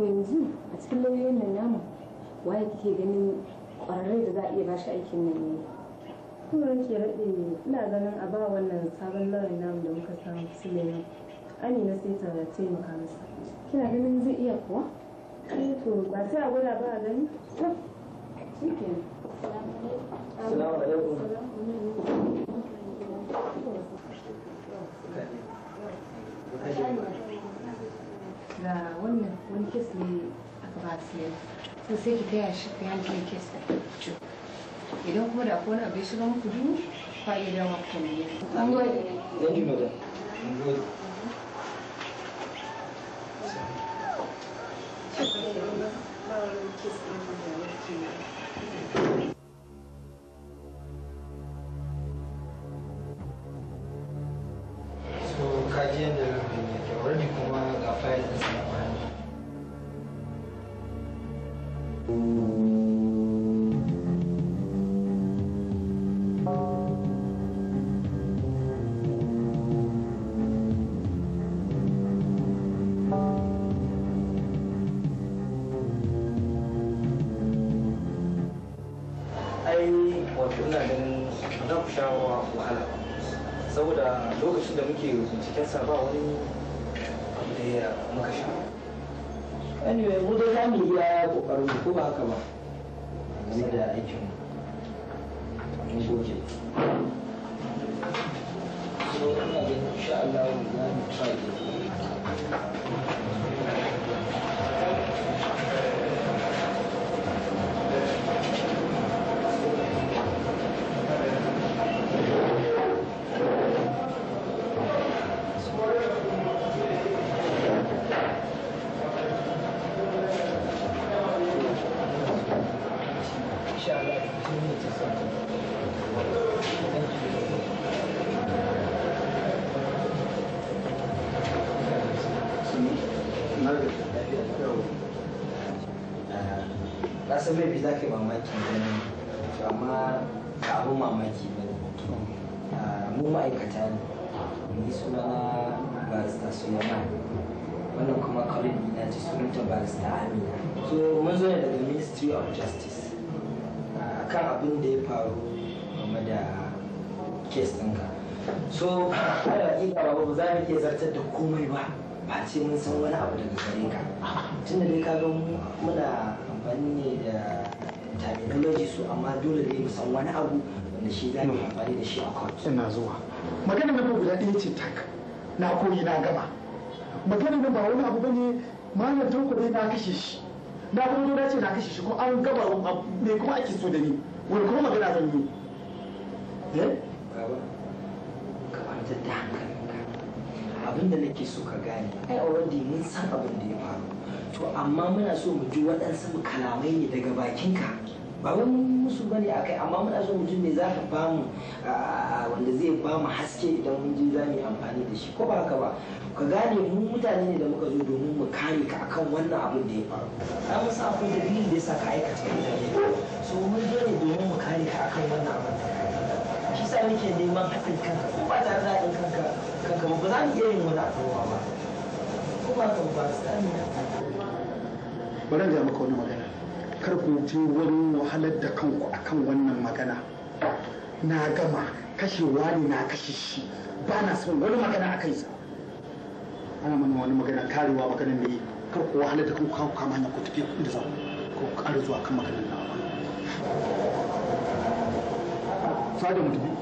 to yanzu a cikin lauyoyin nan namu waye kike ganin ƙwararrai da za a iya bashi aikin nan ne turan ke raɗe ina ganin a ba wannan sabon lauyoyin namu da muka samu suleiman amina sai ta taimaka masa kina ganin zai iya kuwa eh to ba sai a gwada ba a gani to shi ke كسلي أكباسي sai ki taya shi ta yanke yake sai idan kuma da akwai wani abu ya shiga muku duhu fa iya dawo ku tambaye an So, kaji yadda shi yasa ba wani abu da ya muka sha anyway mu dai za mu iya kokarin ko ba haka ba san mai za ka yi mamaki ganin amma ka mamaki ba ne ah, mu ma'aikata ne ni suna na barista suyama wannan kuma kwalin na ce ta barista amina so mun zo daga ministry of justice ah, kan abin da ya faru game da kes ɗinka so ala ƙila ba ba za mu iya zartar da komai ba ba ce mun san wani abu daga gare ka tunda dai ka ga muna amfani ne da technology su amma dole ne musan wani abu wanda shi za mu amfani da shi a court ina zuwa magana na guda ɗaya ce tak na koyi na gama magana na ba wani abu bane malam tanko dai na kashe shi na kuma na ce na kashe shi ko an gaba me kuma ake so da ni wani kuma magana zan yi eh baba ka kwantar da hankali abin da nake so ka gane ai already mun san abin da ya faru to amma muna so mu ji waɗansu kalamai ne daga bakinka ba wai mun musu bane akai amma muna so mu ji me ka ba mu wanda zai ba mu haske idan mun ji za mu yi amfani da shi ko ba haka ba ka gane mu mutane ne da muka zo domin mu kare ka akan wannan abin da ya faru za mu sa akwai dalilin da ya sa ka aikata wannan so mun zo ne domin mu kare ka akan wannan abin da ya faru shi sa nake neman haɗin kanka ko ba tare da haɗin kanka kan kama ba za mu iya yin wani abubuwa ba ko ba ka ba su sani bari ga maka wani magana kar ku je wani wahalar da kanku akan wannan magana na gama kashewa ne na kashe shi ba na son wani magana a kai ana mana wani magana karewa maganar ne kar ku wahalar da kanku kawo kama ku tafi inda za ku ƙara zuwa kan maganar na ba. Sada mutum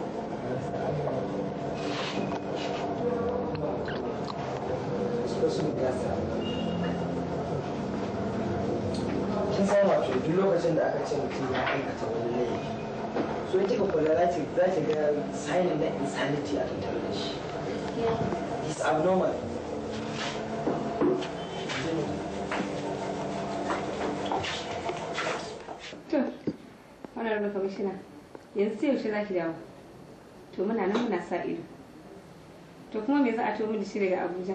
kin san wato duk lokacin da aka ce mutum ya aikata wani laifi so in kika kula za ki za a tattare da ne. abnormal wannan rufe mishina yanzu sai yaushe za ki dawo to muna nan muna sa ido to kuma me za a to daga abuja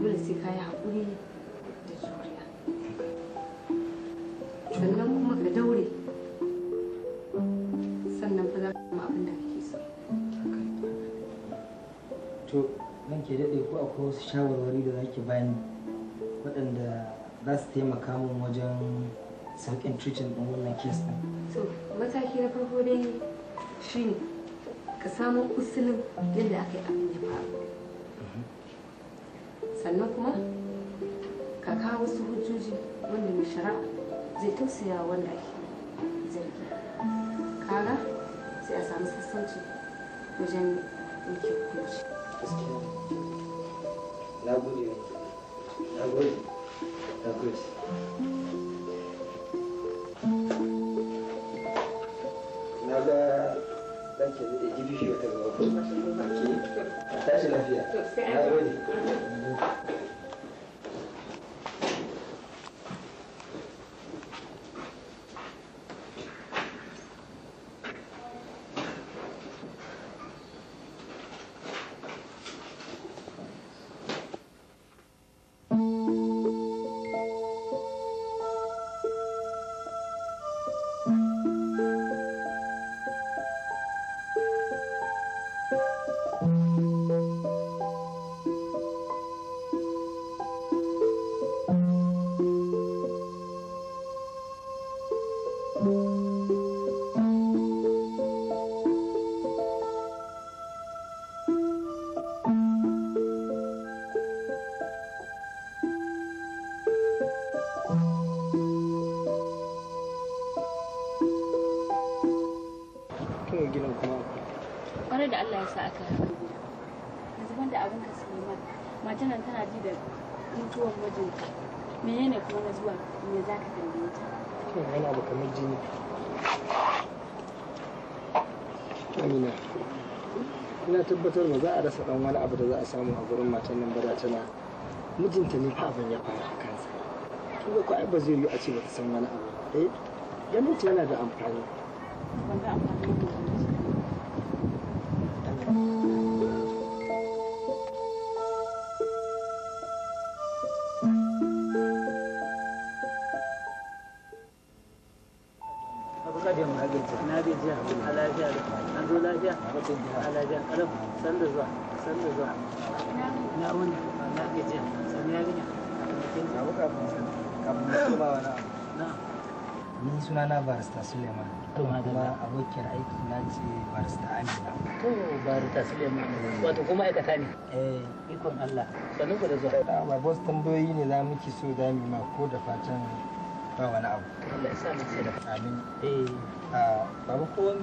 dole sai ka yi haƙuri da juriya sannan kuma ka daure sannan fa za ka samu abin da kake so to nan ke daɗe ko akwai wasu shawarwari da zaki bani waɗanda za su taimaka min wajen sauƙin treating ɗin wannan kes ɗin to mataki na farko dai shine ka samo usulin yadda aka yi abin ya faru sannan kuma ka kawo wasu hujjoji wanda mai shara zai tausaya wanda ake zargi kara sai a samu sassanci wajen yake hukunci na gode na gode na gode ɗanke da ji bishi wata gaba. A tashi lafiya. Na gode. rasa dan wani abu da za a samu a gurin matan nan bada tana mijinta ne fa abin ya fara a kansa ko ai ba zai yi a ce ba ta san wani abu eh ganin ta yana da amfani kadin magance na bi jiya a lafiya da an zo lafiya a lafiya kalam san da zuwa san da zuwa na wani na bi jiya san ya gina abu kafin kafin ba wani na ni suna na barista suleiman kuma abokiyar aiki na ce barista amina to barista suleiman wato kuma aikata ne eh ikon allah sannu ku da zuwa ba boss tambayoyi ne za muke so za mu ma ko da fatan ba wani abu Allah ya sa mu sai da eh baba ko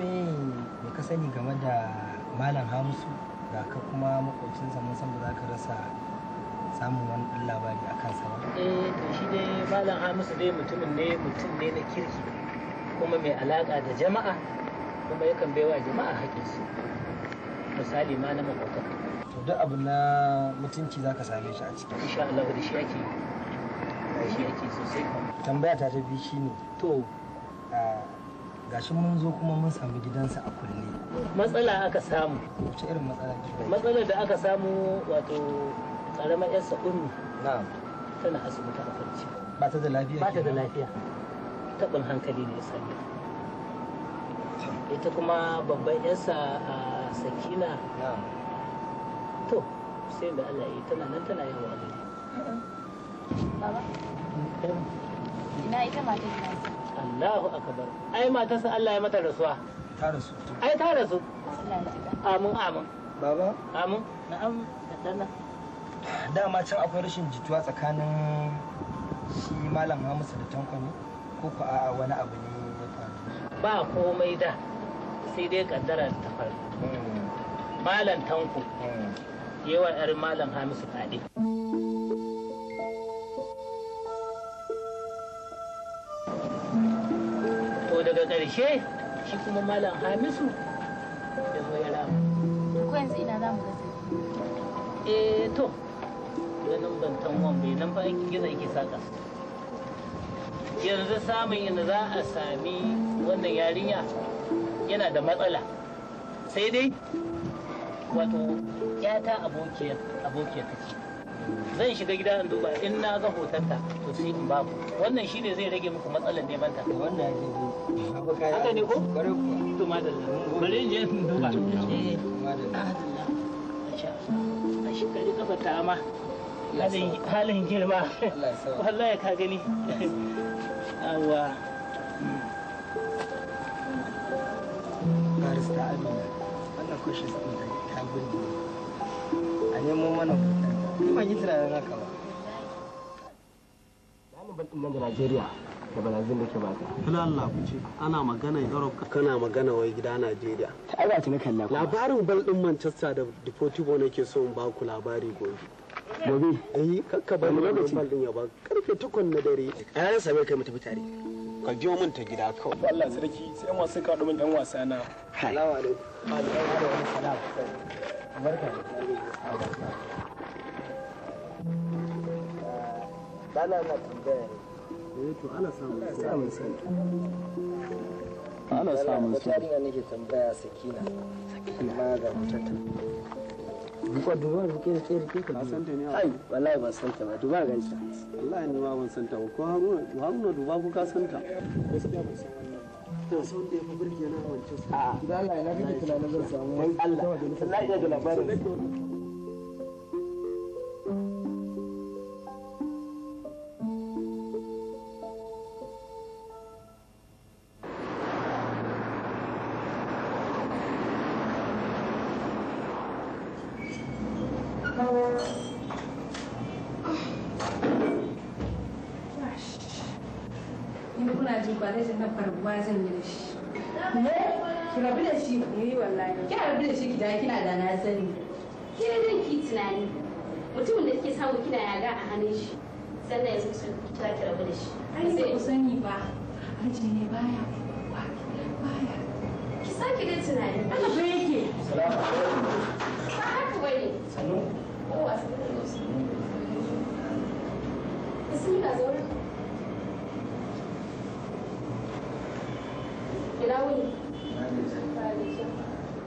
ka sani game da malam Hamisu da ka kuma makocin mun san ba za ka rasa samun wani ɗan labari a kansa ba eh shi ne malam Hamisu dai mutumin ne mutum ne na kirki kuma mai alaƙa da jama'a kuma yakan baiwa jama'a haƙƙinsu misali ma na makwabta to duk abu na mutunci za ka same shi a ciki insha Allah da shi ake yi tambaya ta tafi shi ne to ga shi mun zo kuma mun sami gidansa a kulle matsala aka samu wace irin matsala matsalar da aka samu wato karamar yarsa ummi na'am tana asibiti a farci ba ta da lafiya ba ta da lafiya tabin hankali ne sani ita kuma babban yarsa a sakina to sai da Allah ya tana nan tana yin wani Baba. Ina ita matar nasa. Allahu akbar. Ai matarsa Allah ya mata rasuwa. Ta rasu. Ai ta rasu. Amin amin. Baba. Amin. Na'am da Dama can akwai rashin jituwa tsakanin shi malam Hamisu da Tanko ne ko ku a'a wani abu ne ya faru. Ba komai da sai dai kaddara ta faru. Hmm. Malam Tanko. Hmm. Yawan 'yar malam Hamisu kaɗe. ƙarshe shi kuma malam hamisu da zo ya rama ko yanzu ina za mu gasa eh to ganin bantan wan bai nan ba ake gina ake saka yanzu samun inda za a sami wannan yarinya yana da matsala sai dai wato 'yata abokiyar abokiyar ta ce zan shiga gida in duba in na ga ta to sai in babu wannan shine zai rage muku matsalar neman ta wannan ya haka ne ko to madalla bare in je in duba eh madalla a shiga ni kafa ta ma halin girma wallahi ka gani awa barista amina wannan kushin ta gudu a nemo mana Ni ban yi tunanin haka ba. ke kana magana wai gida Najeriya. Ta Labarin bal ɗin Manchester da Deportivo nake so in ba ku labari gobe. Gobe? Eh kakka ba mu lokaci bal ya ba karfe takwas na dare. A ranar sabai kai mu tare. Ka biyo min ta gida kawai. Allah sarki sai yan wasu ka ɗumin ɗan wasa na. Salamu alaikum. Barka. dala na tambaya eh, ana samun ana samun tambaya sakina sakina ma ga mutata duba rike rike rike ka san ta ne ai wallahi ban san ta ba duba ga shi wallahi ni ma ban san ta ba ko haruna haruna duba ko ka san ta gaskiya ban san wannan da ya fi na wancan sa samu wai Allah ya ga labarin rabu da shi gida kina da na sani ke nan ki tunani mutumin da suke samun kina ya ga a hannun shi sannan ya zo su ta ki rabu da shi ai sai ku sani ba aji ne baya kowa baya ki sake da tunani ana ba yake salamu alaikum ba haka bane sanu ko wasu bismillah zaura ina wuni Thank you.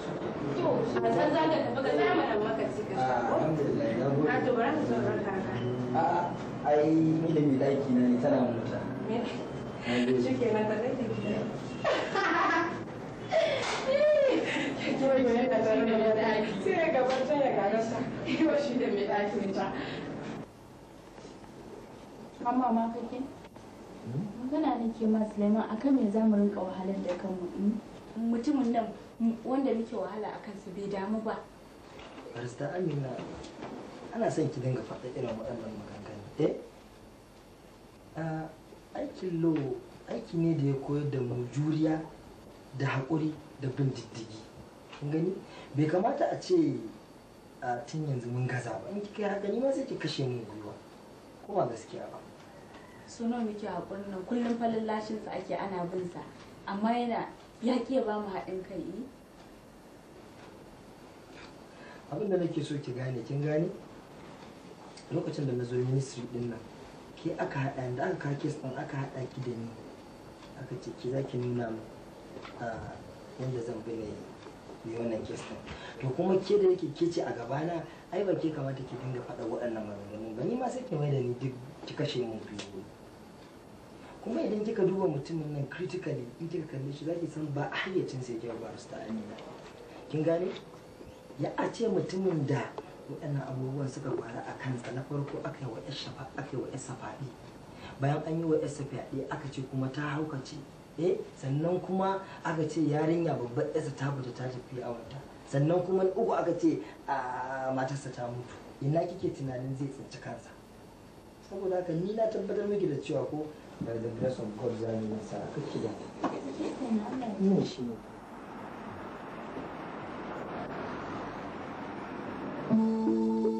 a san za da maka cika shago? Alhamdulillah, na gode. Na to, bara zo ranka ka. A'a, ai ni da mai ɗaki na ne tana mota. Shi ke na tafi da gida. Kyakkyawar yana da zama da mai ɗaki. Sai ya gabatar ya garasa, yau shi da mai ɗakin ta. Amma ma kake? Magana nake ma Suleiman kan me za mu rinƙa wahalar da kanmu. Mm? Mutumin nan wanda muke wahala a kansu bai damu ba barista amina ana son ki dinga faɗa irin waɗannan maganganu eh aikin lo aiki ne da ya koyar da mu juriya da haƙuri da bin diddigi kun gani bai kamata a ce a tun yanzu mun gaza ba in kika haka ni ma sai ki kashe mun gwiwa ko ba gaskiya ba so nawa muke haƙurin nan kullum fa sa ake ana bin sa amma yana ya ke ba mu haɗin kai ne eh? abin da nake so ki gane kin gane lokacin da na zo ministry din nan ke aka haɗa da aka kawo ɗin aka haɗa ki da ni aka ce ki za ki nuna mu yadda zan bi na yi wannan kes ɗin to kuma ke da yake ke ce a gabana ai ba ke kamata ki dinga faɗa waɗannan maganganu ba ni ma sai ki mai da ni duk ki kashe mun biyu kuma idan kika duba mutumin nan critically in kika kalle shi zaki san ba hayyacin sai jawo barista amina kin gane ya a ce mutumin da waɗannan abubuwan suka faru a kansa na farko aka yi wa shafa aka yi wa safaɗi bayan an yi wa safaɗi aka ce kuma ta haukace eh sannan kuma aka ce yarinya babbar yarsa ta fita ta tafi a wata sannan kuma uku aka ce a matarsa ta mutu ina kike tunanin zai tsinci kansa saboda haka ni na tabbatar miki da cewa ko by the grace of God Zion Messiah. Thank you.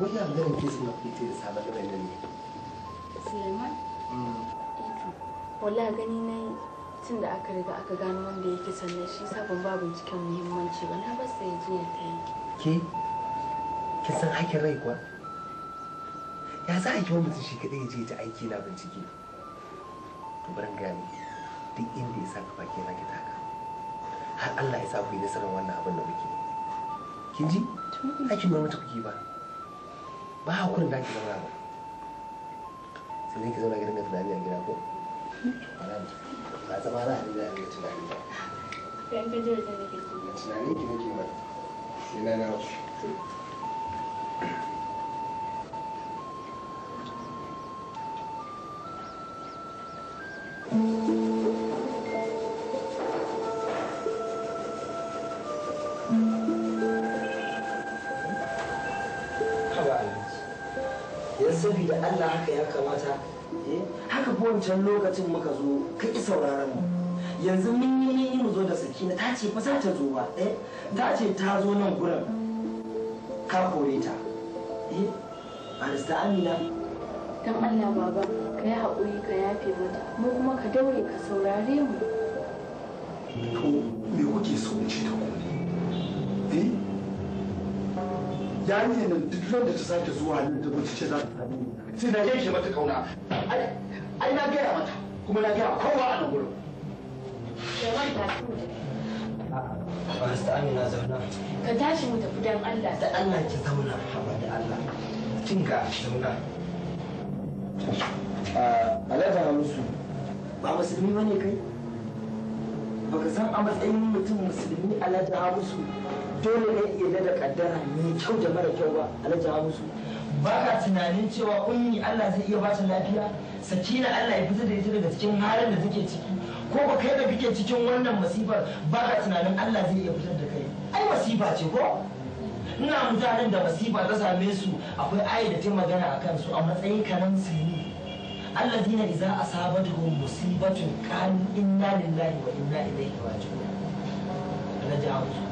wannan ganin kesin da kuke da sabon da nan ne Suleiman mm. wallahi gani na tun da aka riga aka gano wanda yake sannan shi sabon ba cikin muhimmanci ba na basa ya je ya ta yi ke kin san hakin rai kuwa ya za a yi wa mutum shi kaɗai ya je ta aiki na bincike to bari gani duk inda ya sa ka baki yana ki taka har Allah ya sa ku yi nasarar wannan abin da muke kin ji aikin gwamnati kuke ba ba hakurin da ki zauna ba sai ne ki zauna gidan da tunani a gida ko ba zama na hali da yanzu tunani ba da ke tunani ki nake ba sai na na wasu haka ya kamata eh, haka fa wancan lokacin muka zo ka ki sauraron mu yanzu mun yi mun yi mu zo da sakina ta ce ba za ta zo ba eh? ta ce ta zo nan gurin ka kore ta eh barista amina dan Allah baba ka yi haƙuri ka yafe mata mu kuma ka daure ka saurare mu to me kuke so mu ci to yarinyar nan duk da ta sake zuwa nan ta zo ce za ta sami sai na yanke mata kauna ai na gaya mata kuma na gaya kowa a nan gurin Basta Amina zauna. Ka tashi mu tafi don Allah. Da Allah ki zauna, haba da Allah. Kinga zauna. Alhaji Hamisu, ba musulmi ba ne kai? ba ka san a matsayin mutum musulmi Alhaji Hamisu dole ne iya da kaddara mai kyau da mara kyau ba alhaji ba ka tunanin cewa kunyi Allah zai iya bata lafiya sakina Allah ya fitar da ita daga cikin halin da take ciki ko ba kai da kake cikin wannan masifar ba ka tunanin Allah zai iya fitar da kai ai masifa ce ko ina mutanen da masifa ta same su akwai ayi da ta magana a su a matsayin kanan su ne Allah zina iza za a sabatuhum musibatun ƙarin inna lillahi wa inna ilaihi raji'un na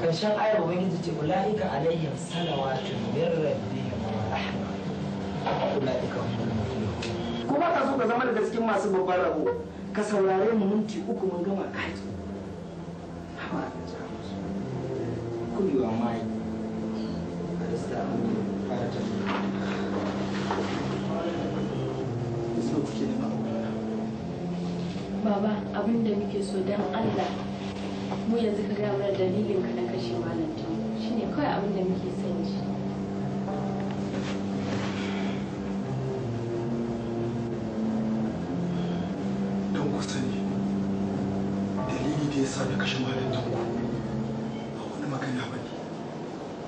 karshen ayar ubangiji ce ula'ika alaihim salawatu min rabbihim wa rahma ula'ika humul kuma ka so ka zama da cikin masu babban rabo ka saurare mu minti uku mun gama kai haba da jamus kullu wa mai alista'amu fatan Baba abinda muke so don Allah mu yanzu ka gaya mana dalilin ka na kashe malam shi ne kawai abin da muke son ji don ku sani dalili da ya sa na kashe malam tanko ba wani magana ba ne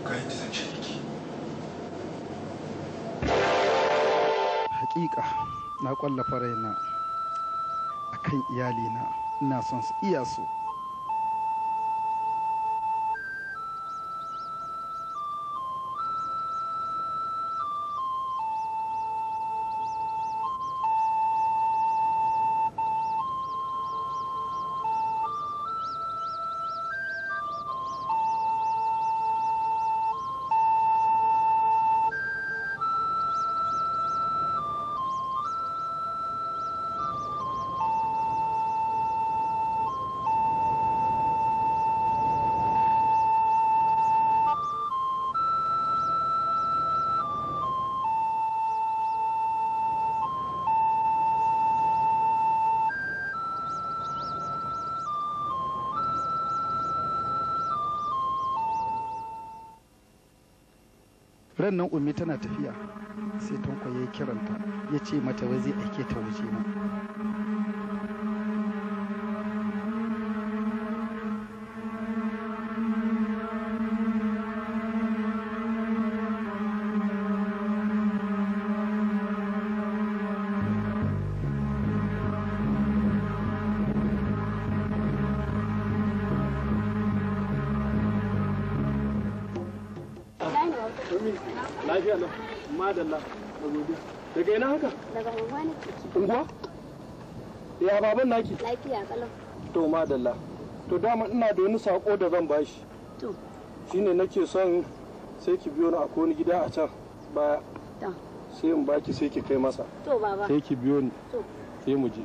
ga yadda zance yake hakika na kwallafa raina a kan iyalina ina son su iya so ran nan ummi tana tafiya sai tankwa ya yi kiranta ya ce mata wai zai aike ta waje na godiya daga to dama ina da wani sako da zan bashi to shine nake son sai ki biyo ni a koni gida a can baya sai in baki sai ki kai masa sai ki biyo ni sai mu je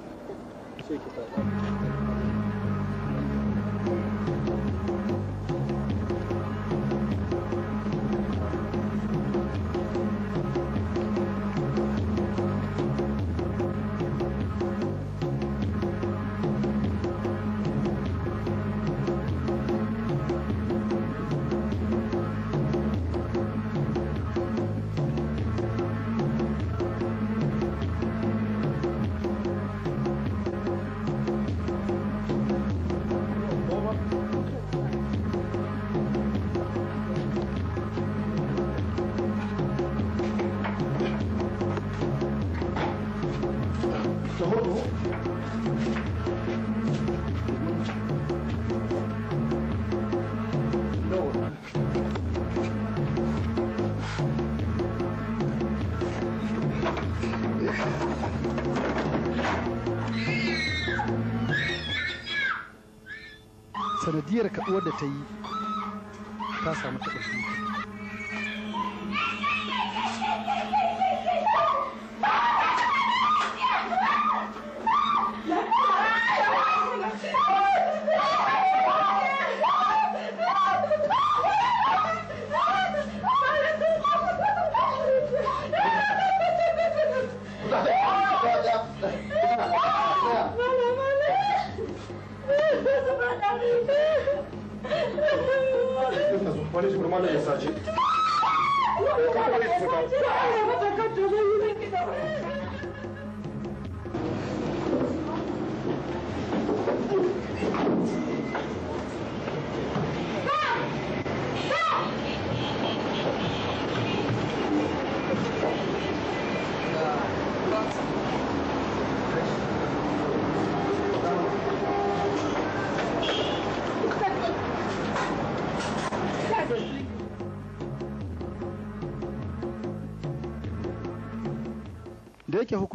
faduwar da ta yi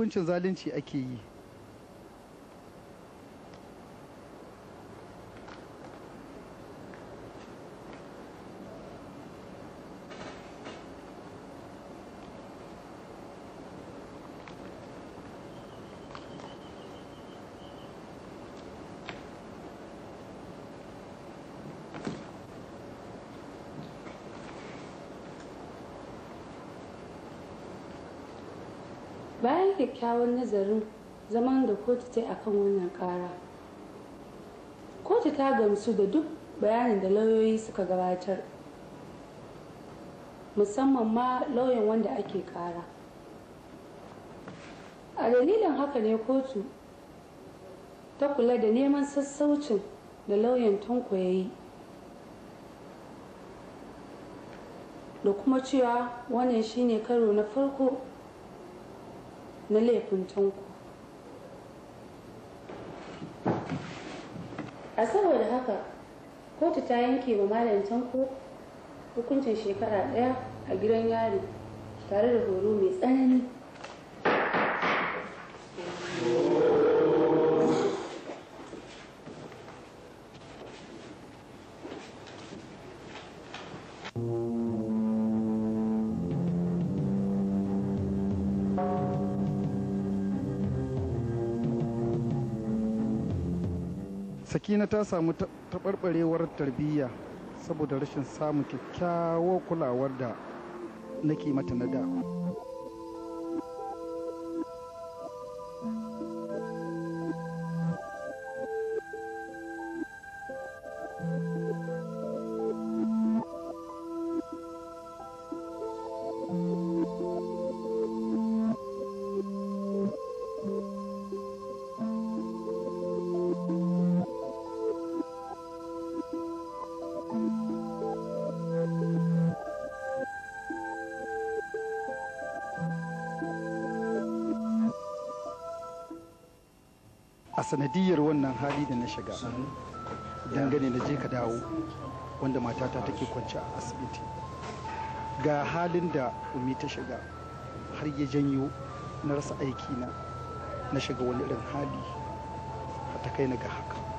hukuncin zalunci ake yi kyakkyawan nazarin zaman da kotu ta yi akan wannan ƙara kotu ta gamsu da duk bayanin da lauyoyi suka gabatar musamman ma lauyan wanda ake ƙara a dalilin haka ne kotu ta kula da neman sassaucin da lauyan tanko ya yi da kuma cewa wannan shine karo na farko na laifin tanko a saboda haka kotu ta yanke wa malam tanko hukuncin shekara ɗaya a gidan yari tare da horo mai tsanani sakina ta samu taɓarɓarewar tarbiyya saboda rashin samun kyakkyawar kulawar da nake mata na da. sanadiyar wannan hali da na shiga dangane na je ka dawo wanda matata take kwance a asibiti ga halin da umi ta shiga har ya janyo na rasa aiki na na shiga wani irin hali ta kai na ga haka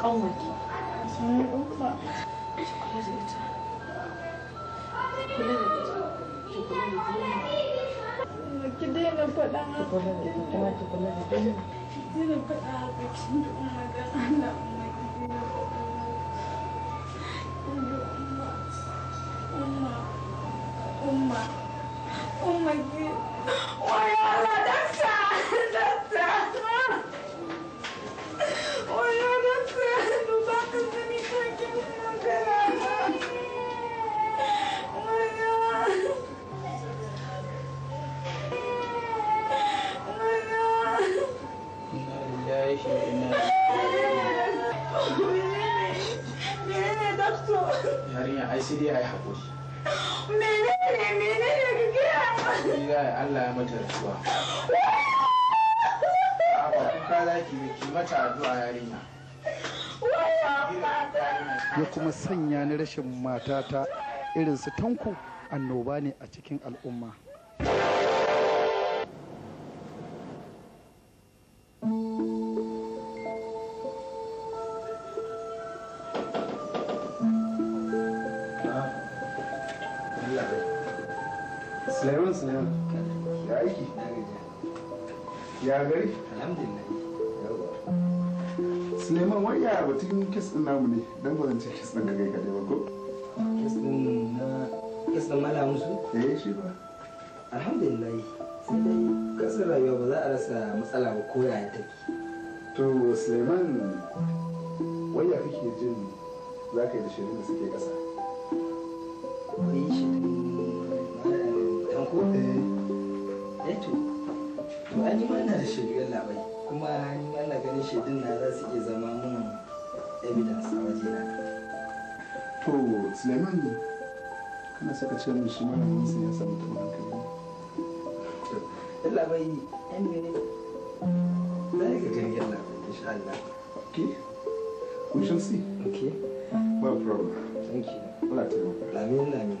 Kalmak. Sen unutma. Çikolata getir. Çikolata getir. Çikolata getir. Ki daina faɗa haka. Ki daina faɗa haka. Ki daina faɗa haka. Ki daina faɗa haka. rashin matata irin su tanku annoba ne a cikin al'umma yaya batun kes din namu ne dan ba zan ce kes din ka kai kadai ba ko kes din na kes din mala musu eh shi ba alhamdulillah sai dai kasar rayuwa ba za a rasa matsala ba ko yaya take to suleiman waya kake jin za ka yi da shirin da suke kasa wai shirin tanko eh eh to to an yi mana da shirin labai kuma an yi ina ganin shaidun na za su iya zama mun evidence a waje na to suleiman kana saka shi sai ya samu yan na Allah okay we shall see okay ba problem thank you ta yi lamin lamin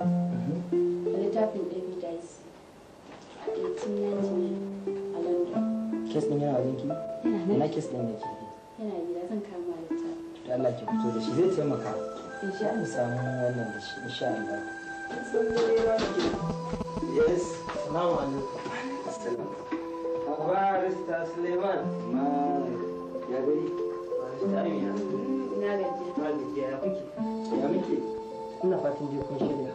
da mhm. littafin evidence a 1899 a london kes din yana na yana gida zan kama littafin da Allah fito da shi zai taimaka in sha samu wannan da shi Allah yes salamu alaikum suleiman ma ya gari na ya muke ya ina fatan je kun shirya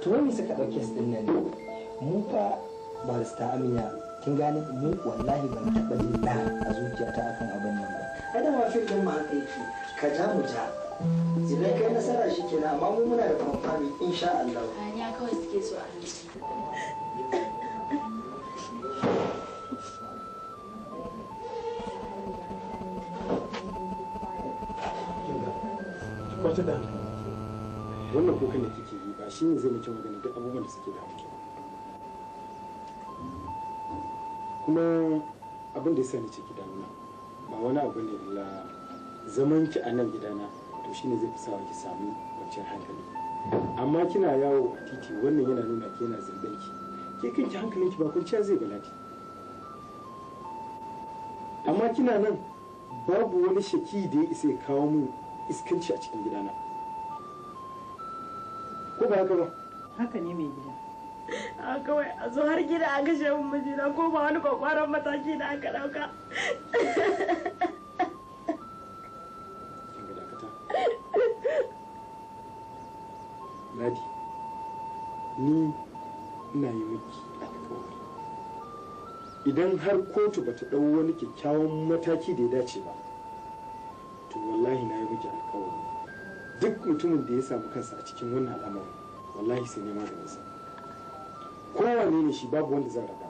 to mu suka dauke su nan mu fa barista amina kin gane mu wallahi ban taɓa yi da a zuciyata akan abin nan ba ai da mafin din ma haka yake ka ja mu ja zinai kai nasara shi ke amma mu muna da kamfani insha Allah ya kawai suke so a wannan kuka ne kike shi ne zai mace magana duk abubuwan da suke da miki kuma abin da ya sani ce gidana ba wani abu ne la zaman ki a nan gidana to shi ne zai fi sawa ki samu kwanciyar hankali amma kina yawo a titi wannan yana nuna ki yana zargin ki ke kanki ki ba kwanciya zai balati amma kina nan babu wani shaki da ya isa ya kawo mun iskanci a cikin gidana ko ba haka ba haka ne mai gida a kawai a zo har gida a gashe mun mijina ko ba wani kwakwaran mataki da aka dauka Ladi, ni ina yi miki alkawari. Idan har kotu bata ɗau wani kyakkyawan mataki da ya dace ba, to wallahi na yi miki duk mutumin da ya samu kansa a cikin wannan al'amari wallahi sai ne maganinsa kowane ne shi babu wanda zai raba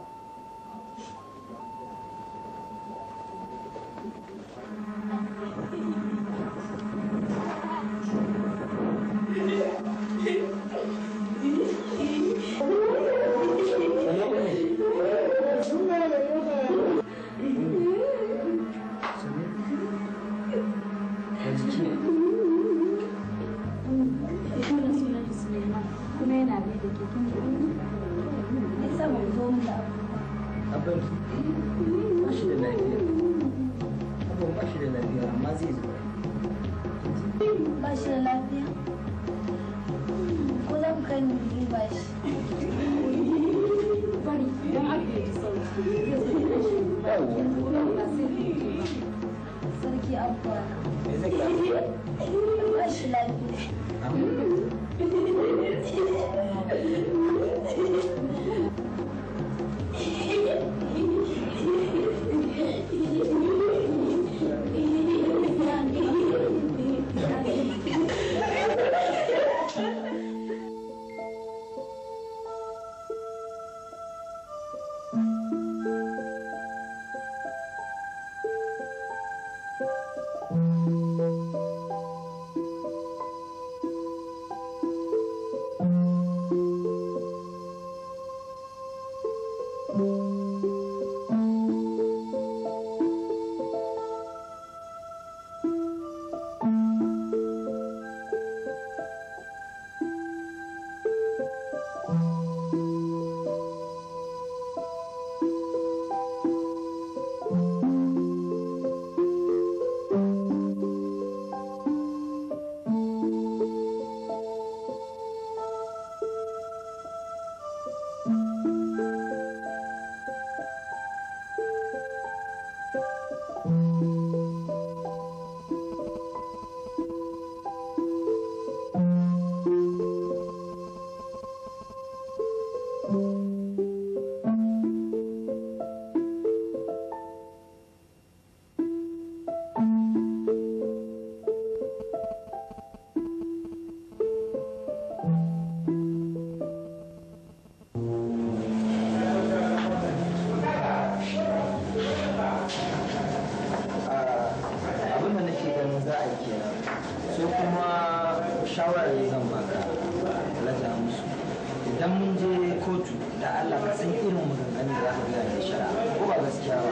malami da za biya ko ba gaskiya ba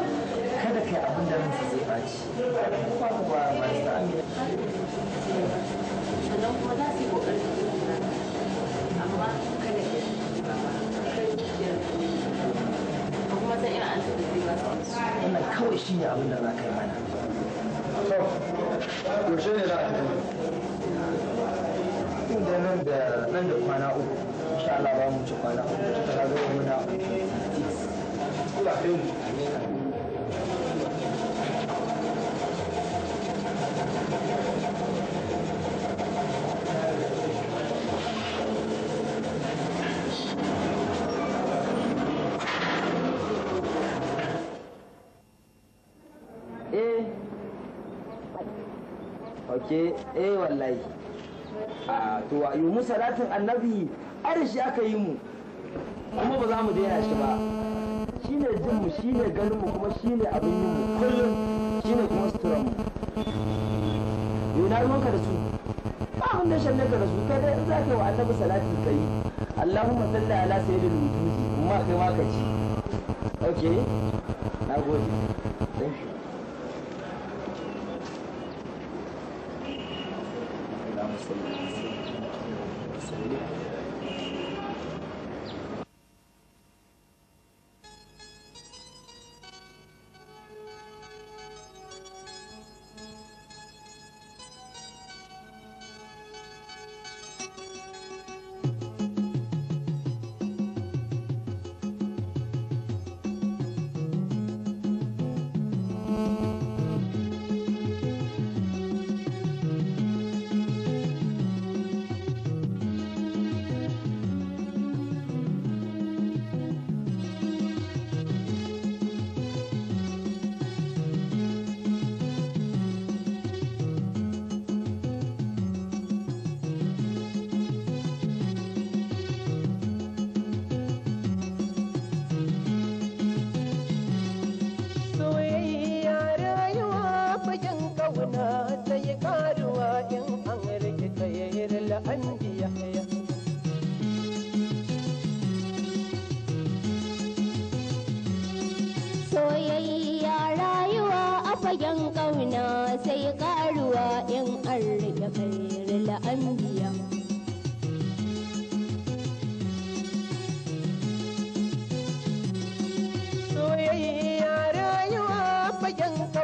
kada kai abin da ransa zai ɓaci ko ba ba ba su sannan kuma za su yi amma kada kuma san an tafi zai ba su wannan kawai shi ne abin da za ka yi mana to yaushe ne za a da nan da kwana uku insha Allah ba mu ci kwana uku ta zo muna kuɗaɗen mu ke eh wallahi a ah, to yi mu annabi arishi aka yi mu kuma ba za mu daina shi ba abinmu shi ne ganinmu kuma shi ne abinmu kullum shi ne kuma suturanmu yana ruwanka da su ba abin da shan naka da su kai dai in za ka yi wa annabi salati ka yi allahumma salli ala sayyidil wujudi amma kai ma ka ci okay na gode thank you Thank you.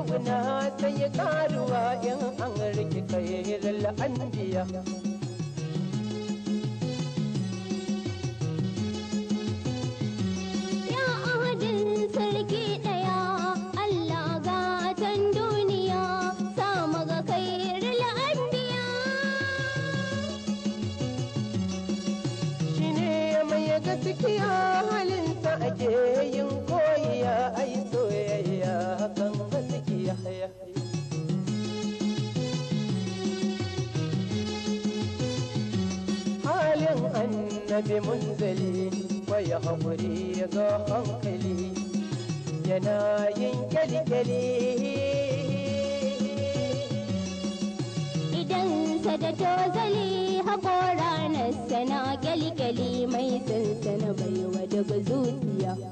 kauna sai karuwa in an rikita yi lalla an biya annabi munzali wai haƙuri ya zo hankali yana yin kyalikyali idan sa da tozali haƙora na sana kyalikyali mai sansana baiwa daga zuciya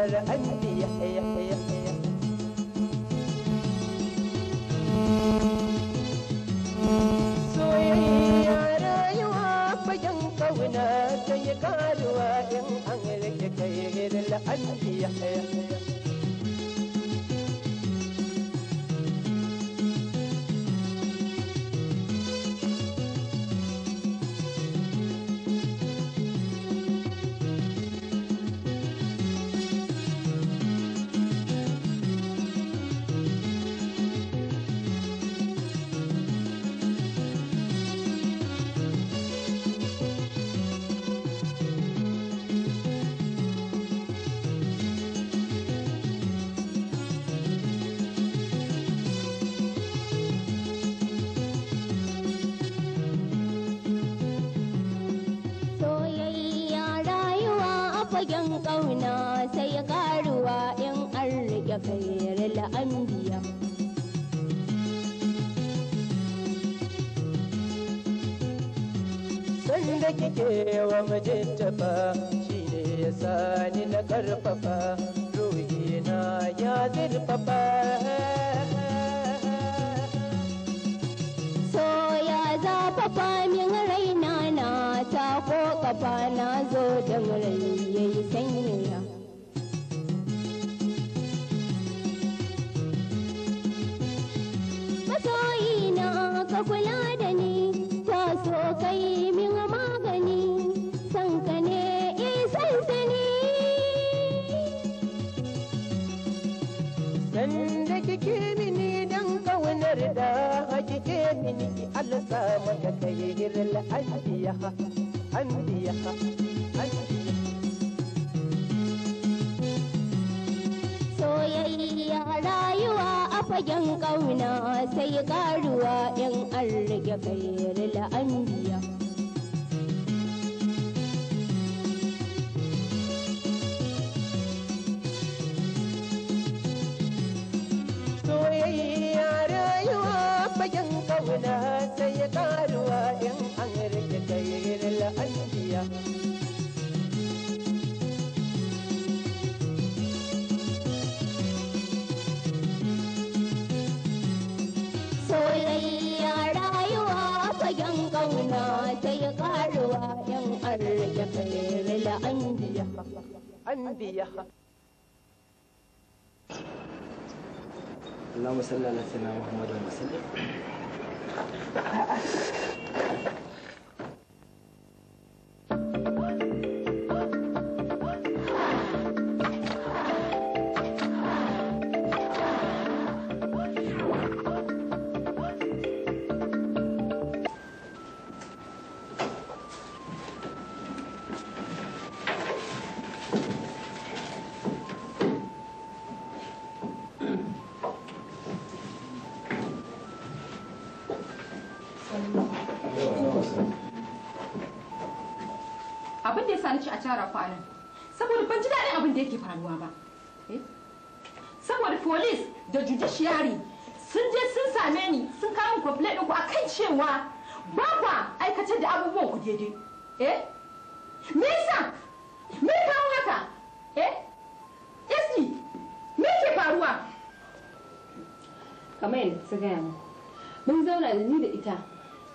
ƙaunar aliyayya kauna ta yi karuwa in an rike kai da kafa na zo da murai ya yi sanyaya masoyi na ka kula da ni ta so kai min magani san ka ne isan sani dan da kike mini dan kaunar da hakike mini Allah sa maka kai girla ajiya Soyayya rayuwa a fagen ƙauna sai ƙaruwa 'yan an rage kairar la'ambiya. Soyayya rayuwa a fagen ƙauna sai ƙaruwa 'yan an rage kairar la'ambiya. عندي اللهم صل على سيدنا محمد وسلم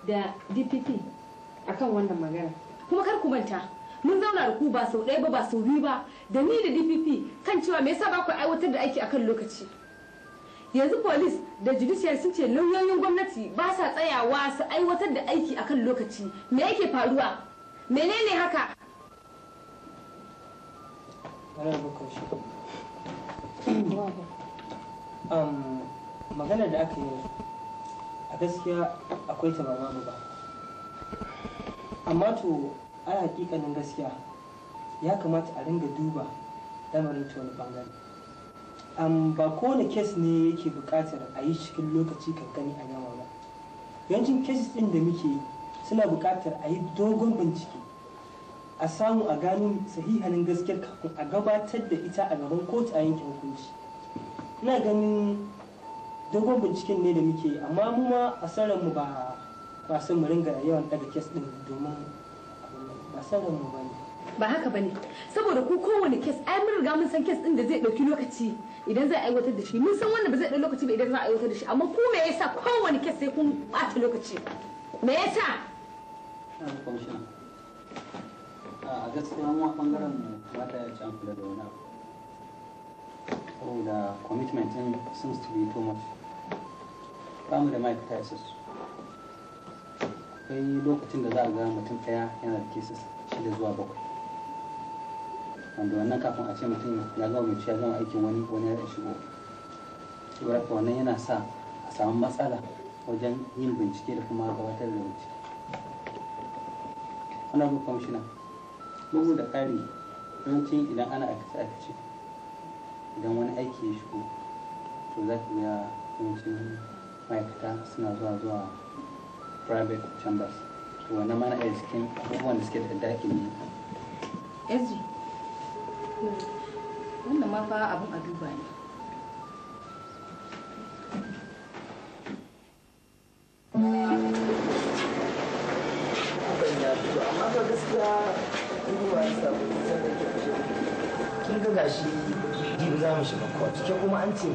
da dpp akan wannan magana kuma kar ku manta mun zauna da ku ba sau ɗaya ba ba sau biyu ba da ni da dpp kan cewa me yasa ba ku aiwatar da aiki akan lokaci yanzu polis da judiciary sun ce lauyoyin gwamnati ba sa tsayawa su aiwatar da aiki akan lokaci me yake faruwa menene haka magana da aka yi a gaskiya akwai ta ba ba amma to a hakikanin gaskiya ya kamata a ringa duba lamarin ta wani bangare ba kowane kes ne yake bukatar a yi cikin lokaci kankani a gama ba yawancin cases ɗin da muke suna bukatar a yi dogon bincike a samu a gano sahihanin gaskiyar kafin a gabatar da ita a gaban kotu a yankin hukunci ina ganin dogon binciken ne da muke amma mu ma a saran mu ba ba san mu ringa yawan daga kes din domin ba saran mu ne. ba haka bane saboda ku kowane kes ai mun riga mun san kes din da zai dauki lokaci idan zai aiwatar da shi mun san wanda ba zai dauki lokaci ba idan za a aiwatar da shi amma ku me yasa kowane kes sai kun bata lokaci me yasa a gaskiya mu a bangaren mu ta ya can kula da wani abu saboda commitment din seems to be too much mu da ma'aikata isa kai lokacin da za a ga mutum ɗaya yana da kisa shida zuwa bakwai wanda wannan kafin a ce mutum ya gama mai ya gama aikin wani wani ya shigo saboda wannan yana sa a samu matsala wajen yin bincike da kuma gabatar da bincike wannan bu kwamishina bugu da ƙari yawancin idan ana aikace aikace idan wani aiki ya shigo to za ka ga yawancin ma'aikata suna zuwa zuwa private chambers to wannan mana a cikin abubuwan da suke da dakin ne ezi wannan ma fa abin a duba ne kin ga gashi jibi za mu shiga kwa cike kuma an ce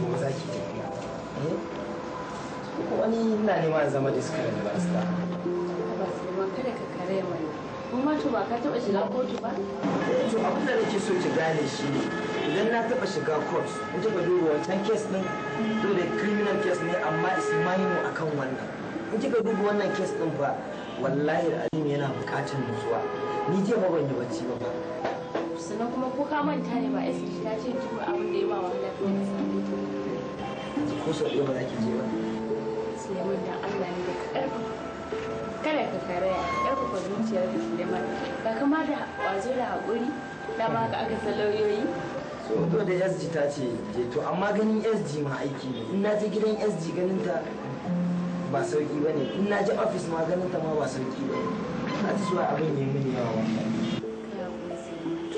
ko za ki tafiya eh? wani na neman zama diskar da barista ba kada ka kare wani kuma to ba ka taba shiga kotu ba to abin da nake so ki gane shi ne idan na taba shiga court in taba duba wancan case din to da criminal case ne amma is minor akan wannan in kika duba wannan case din fa wallahi alim yana bukatar nutsuwa ni je ba ban yi bacci ba sannan kuma ko ka manta ne ba SG ta ce duk abin da ya ba wahala ko sau ɗaya ba za ki je ba Suleiman dan Allah ne da ƙarfi kada ka karaya ƙarfafa zuciyar da Suleiman ba kama da ƙwazo da haƙuri da ma ka aka salauyoyi so to da SG ta ce je to amma ganin SG ma aiki ne in na je gidan SG ganin ta ba sauki bane in na je office ma ganin ta ma ba sauki bane a ci abin yi mini yawa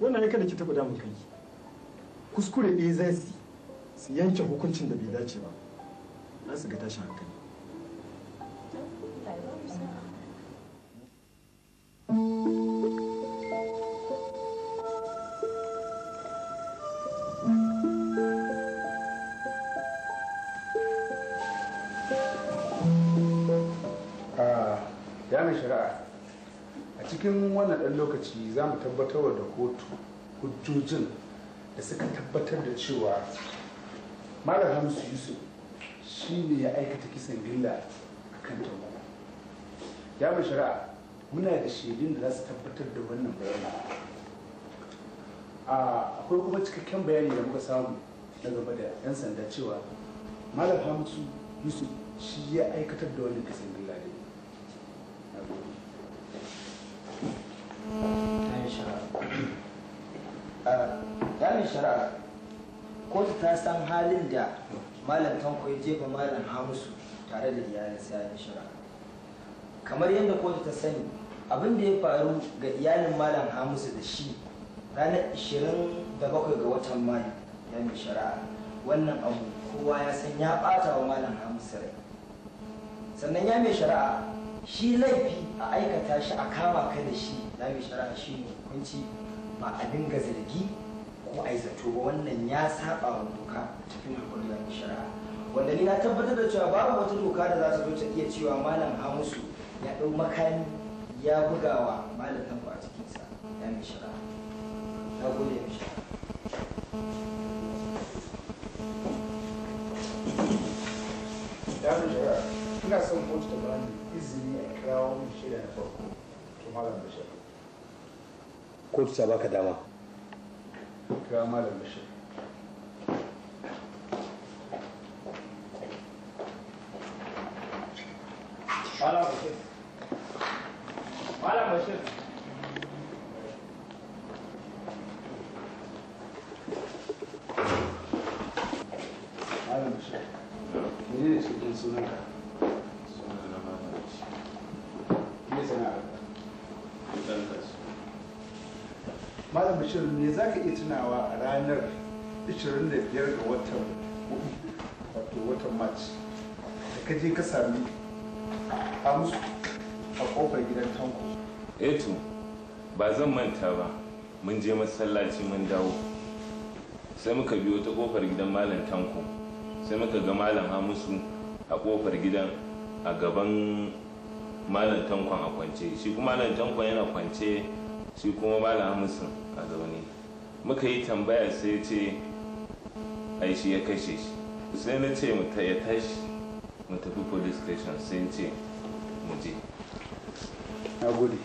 wannan ya kada ki taɓa damun kanki kuskure ɗaya zai su su yanke hukuncin da bai dace ba za su ga tashin hankali thank you cikin wannan ɗan lokaci za mu tabbatar da kotu hujjojin da suka tabbatar da cewa malam hamisu yusuf shi ne ya aikata kisan gilla a kan tamu ya mai shari'a muna da shaidun da za su tabbatar da wannan bayani ah, akwai kuma cikakken bayani da muka samu na gaba da 'yan sanda cewa malam hamisu yusuf shi ya aikatar da wannan kisan yamin shari'a ah, kotu ta san halin da malam tanko ya jefa malam hamusu tare da iyalinsa yayin shari'a kamar yadda kotu ta sani abin da ya faru ga iyalin malam hamusu da shi ranar 27 ga watan mayu mai shari'a wannan abu kowa ya san ya bata wa malam hamusu rai sannan ya mai shari'a shi laifi a aikata shi a kama ka da shi za mu shara shi ne hukunci ba a dinga zargi ko a yi zato ba wannan ya saba wa doka cikin fi hukunyar Shara. wanda ni na tabbatar da cewa babu wata doka da za ta zo ta iya cewa malam hamusu ya ɗau makami ya bugawa malam tanko a cikinsa ya mai shara na gode mai yeah. ina son kotu ta bani izini a kirawo min shirya na farko to malam bashir kotu ta baka dama kira malam bashir malam bashir malam bashir shirin me za ka iya tunawa a ranar 25 ga watan wato watan march da ka je ka sami hamsu a kofar gidan tanko eto eh ba zan manta ba mun je masallaci mun dawo sai muka biyo ta kofar gidan malam tanko sai muka ga malam hamusu a kofar gidan a gaban malam tankon a kwance shi kuma malam tankon yana kwance shi kuma malam musun a zaune muka yi tambaya sai ya ce ai ya kashe shi sai na ce ya tashi mu tafi police station sai ce mu je na gode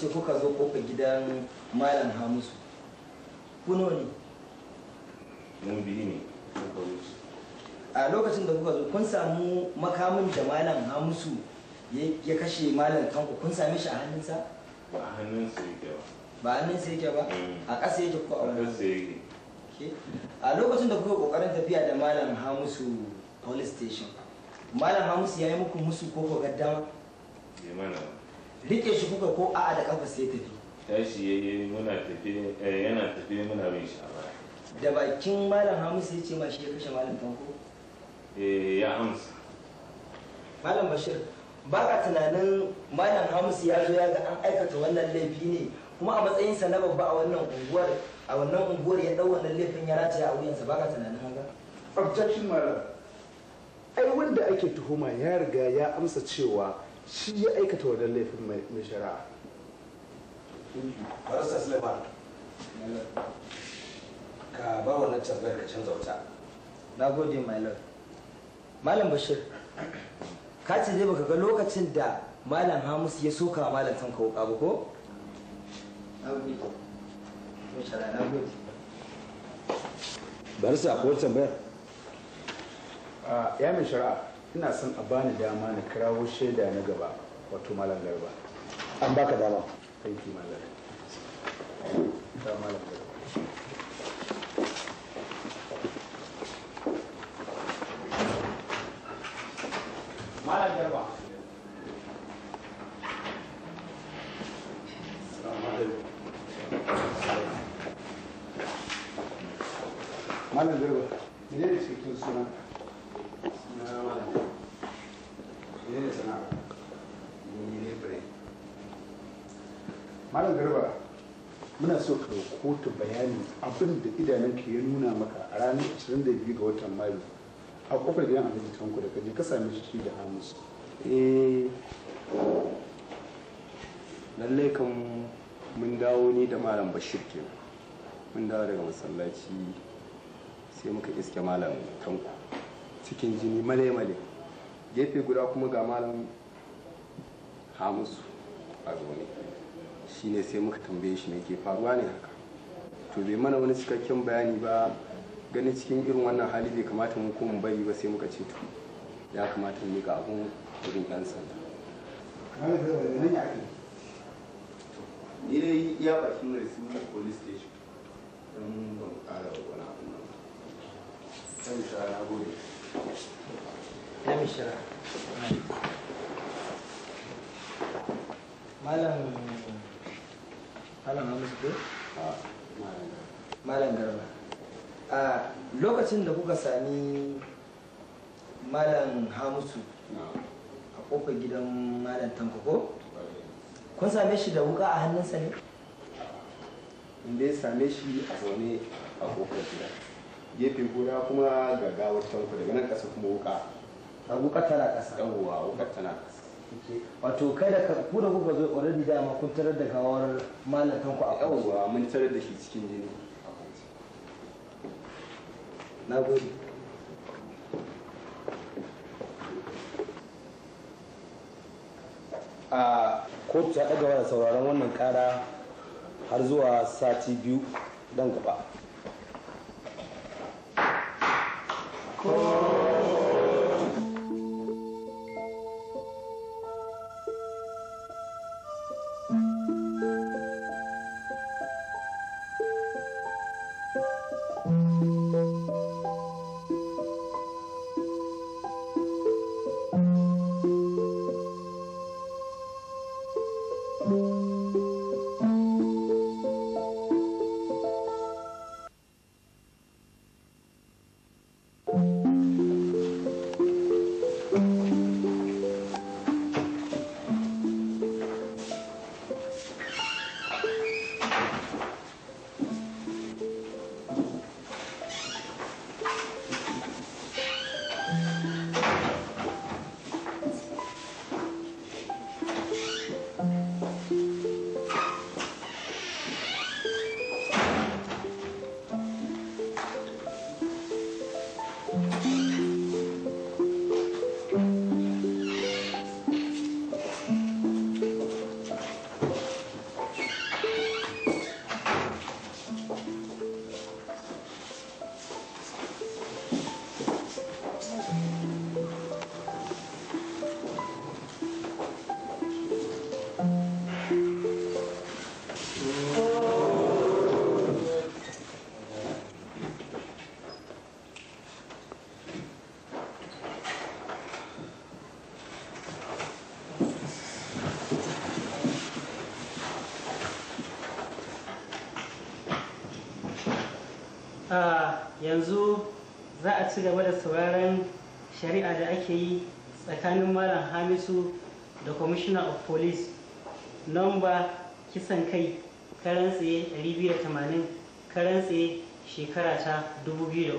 ce kuka zo kofa gidan malam hamusu kuno ne mun ne a lokacin da kuka zo kun samu makamin da malam hamisu ya kashe malam kanku kun same shi a hannunsa ba a hannunsa yake ba ba a yake ba mm. a ƙasa yake ko a wani ƙasa yake a lokacin da kuka kokarin tafiya da malam hamisu police station malam hamisu ya yi muku musu ko ko gaddama ya mana rike shi kuka ko a'a da kafa sai tafi tashi yayi muna tafi eh, yana tafi muna bin shi a baya da bakin malam Hamisu ya ce ma shi ya kashe malam Tanko eh ya amsa malam Bashir ba ka tunanin malam Hamisu ya zo ya ga an aikata wannan laifi ne kuma a matsayinsa na babba a wannan unguwar a wannan unguwar ya dau wannan laifin ya rataya a wuyansa ba ka tunanin haka objection malam ai wanda ake tuhuma ya riga ya amsa cewa shi ya aikata wannan laifin mai shari'a barista suleiman ka ba wannan tambayar ka canza wuta na gode my malam bashir ka ce dai baka ga lokacin da malam hamus ya soka malam tanka wuka ba ko na gode na gode barista ko tambayar ah, ya mai shari'a ina son a bani dama na kirawo shaida na gaba wato malam garba an baka dama thank you malam garba abin da idanunka ya nuna maka a ranar 22 ga watan mayu a kofar gidan abinci tanku da kaje ka sami shi da hamus su eh, lallai kan mun dawo ni da malam bashir ke mun dawo daga masallaci sai muka iske malam tanku cikin jini male-male gefe guda kuma ga malam hamusu a zaune shi ne sai muka tambaye shi ne ke faruwa ne haka to bai mana wani cikakken bayani ba ganin cikin irin wannan hali bai kamata mu ko mu bari ba sai muka ce to ya kamata mu ga abun wurin yan sanda ni dai ya bakin da su police station don ban kara wani abu nan sai shara na gode ya mi shara malam malam hamisu ko ah. malam garba a lokacin da kuka sami malam hamusu a kofar gidan malam tankoko kun same shi da wuka a hannunsa ne inda ya same shi a zaune a kofar gida gefe guda kuma ga gawar tanko daga nan kasa kuma wuka a wuka tana kasa yawwa wuka tana ƙasa wato kai da ku da kuka zo already dama kun tarar da gawar malatan ku a kotu mun tarar da shi cikin jini na gode a kotu ta daga sauraron wannan kara har zuwa sati biyu dan gaba. Oh. yanzu za a ci gaba da sauraron shari'a da ake yi tsakanin malam hamisu da commissioner of police nomba kisan kai karan tsaye 280 karan tsaye shekara ta 2003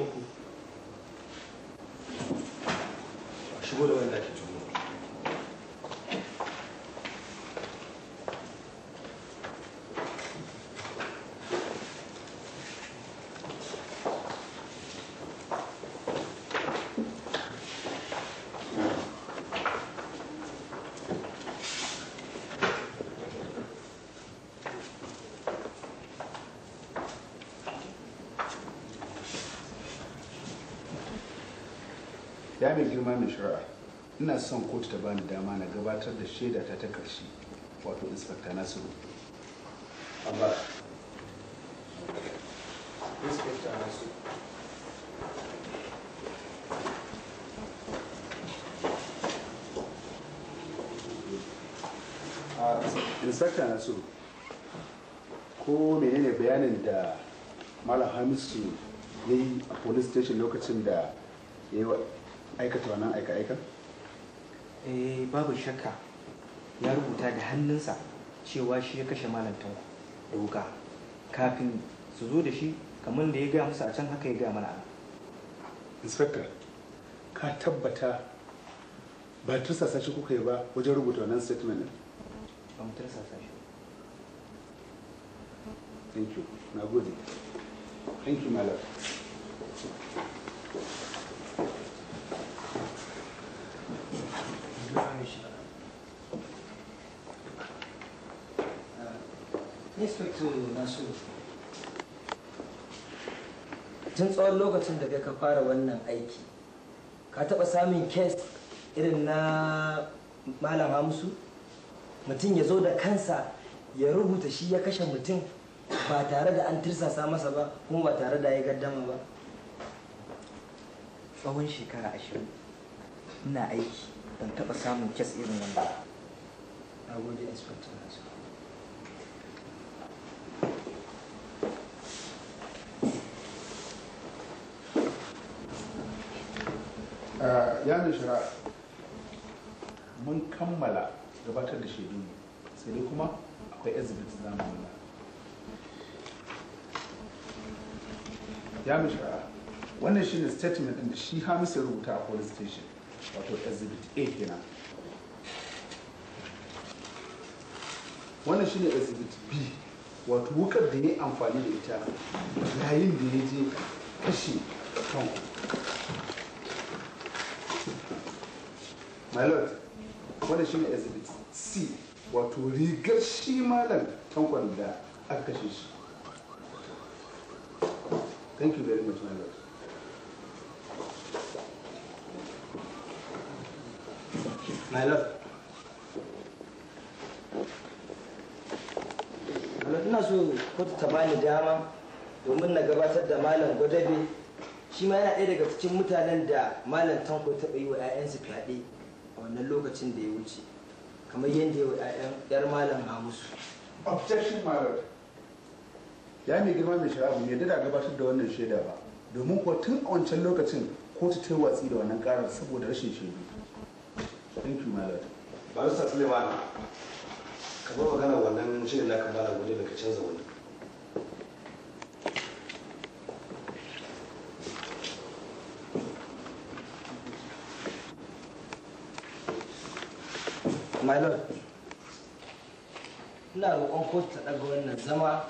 shigo da wani girma mai shari'a ina son kotu ta bani dama na gabatar da shaida ta ta karshe wato inspector nasiru amma ah, inspector nasiru ko menene bayanin da malam hamisu ya yi a police station lokacin da aikata wannan aika-aikan? eh babu shakka ya rubuta da hannunsa cewa shi ya kashe malam tanko da wuka kafin su zo da shi kamar da ya gaya musu a can haka ya gaya mana ana inspector ka tabbata ba tursasa shi kuka yi ba wajen rubuta wannan statement din ba mu tursasa shi thank you na gode thank you malam inspector nasiru tun tsawon lokacin da kai ka fara wannan aiki ka taɓa samun kes irin na malama musu mutum ya zo da kansa ya rubuta shi ya kashe mutum ba tare da an tirsasa masa ba kuma ba tare da ya gaddama ba tsawon shekara ashirin ina aiki don taɓa samun kes irin wanda a gode inspector nasiru alƙalin shari'a mun kammala gabatar da shaidu ne sai dai kuma akwai exhibit za mu nuna ya shari'a wannan shine statement din da shi Hamisu ya rubuta a police station wato exhibit A kenan wannan shine exhibit B wato wukar da ya amfani da ita yayin da ya je kashe kanku my lord shi ne exhibit c wato rigar shi malam tankon da aka kashe shi thank you very much my lord my lord ina so kotu ta bani dama domin na gabatar da malam gwadabe shi ma yana ɗaya daga cikin mutanen da malam tanko taɓa yi wa 'ya'yansu fyaɗe wannan lokacin da ya wuce kamar yadda ya a yar malam musu objection my lord ya mai girma mai shari'a mu yadda da gabatar da wannan shaida ba domin kuwa tun a wancan lokacin kotu ta watsi da wannan karar saboda rashin shaidu thank you my lord barista suleiman ka ba magana wannan shirin na kamala wani daga canza wani farko kotu ta ɗaga wannan zama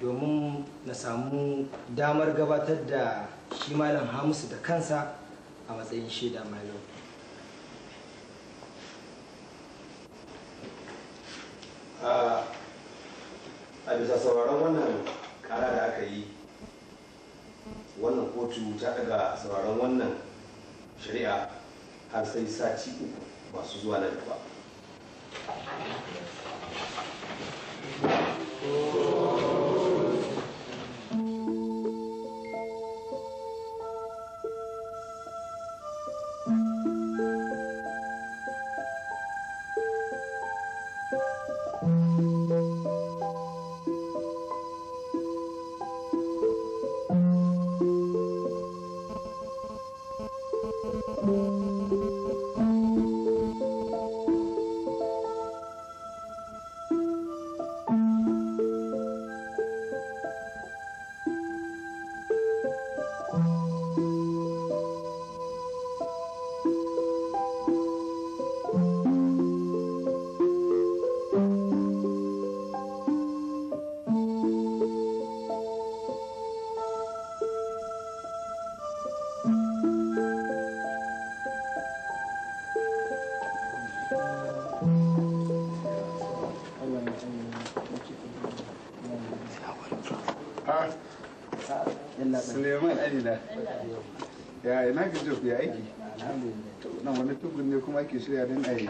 domin na samu damar gabatar da shi malam hamusu da kansa a matsayin shaida malam a bisa sauraron wannan kara da aka yi wannan kotu ta daga sauraron wannan shari'a har sai sati uku masu zuwa nan you. ka job ya aiki nan wani tukun ne kuma ke shirya din a yi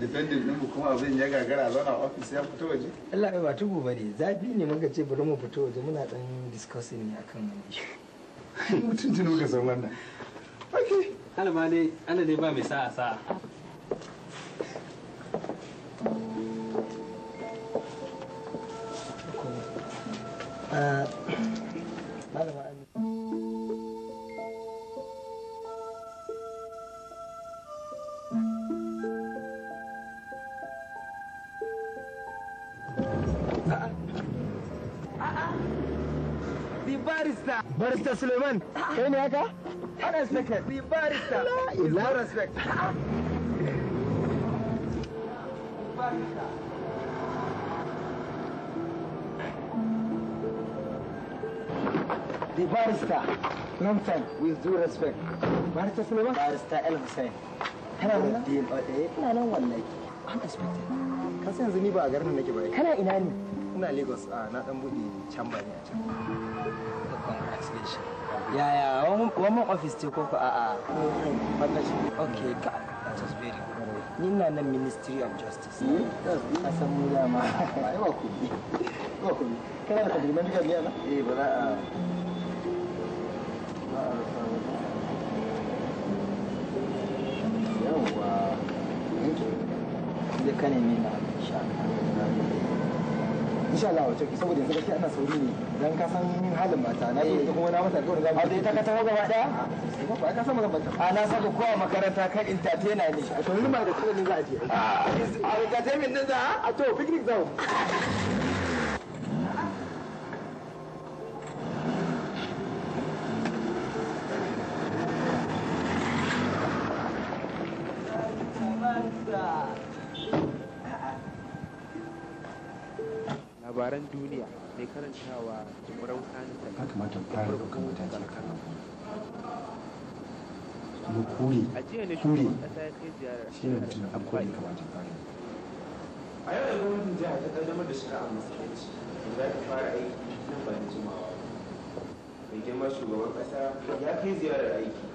defendant ɗinmu kuma abin ya gagara zauna ofis ya fito waje Allah ba tugu ba ne zafi ne muka ce bari mu fito waje muna ɗan discussing ne akan wani mutum tunu ka san wannan ok Ana alama ne ana ne ba mai sa'a sa'a Uh... انت سليمان فين ياك انا سكت في باريستا لا ريسبكت دي باريستا نعم سان ويز دو ريسبكت باريستا سليمان باريستا الف سان هلا هلا دي ام او اي لا لا والله انا سبكت كاسين زني باغر نكي باي هلا اناني ina lagos a ah, na dan bude chamber ne a can congratulations yaya mun office ce ko a a ah, ah. okay ka that was very good ni na nan ministry of justice hmm? hmm. a san mu ya ma ba ku bi ko ku bi kana da complimentary card ne na eh ba za a yawa thank you da kane ne na sha insha Allah wace saboda yanzu gaskiya ana sauri ne dan ka san min halin mata na yi kuma na mata ta gaba daya ba ka san a na saka kowa makaranta kan entertainer ne to yanzu ah. da za a je a ga nan za a to picnic za dan duniya mai karantawa jimurau da ya kamata fara dukkan mataki a kan mu kuri kuri shi ne mutum da kuri kamata fara a yau da gwamnatin jiha ta kaddamar da a musulunci da za ta fara aiki nan ba da jimawa mai girma shugaban kasa ya kai ziyarar aiki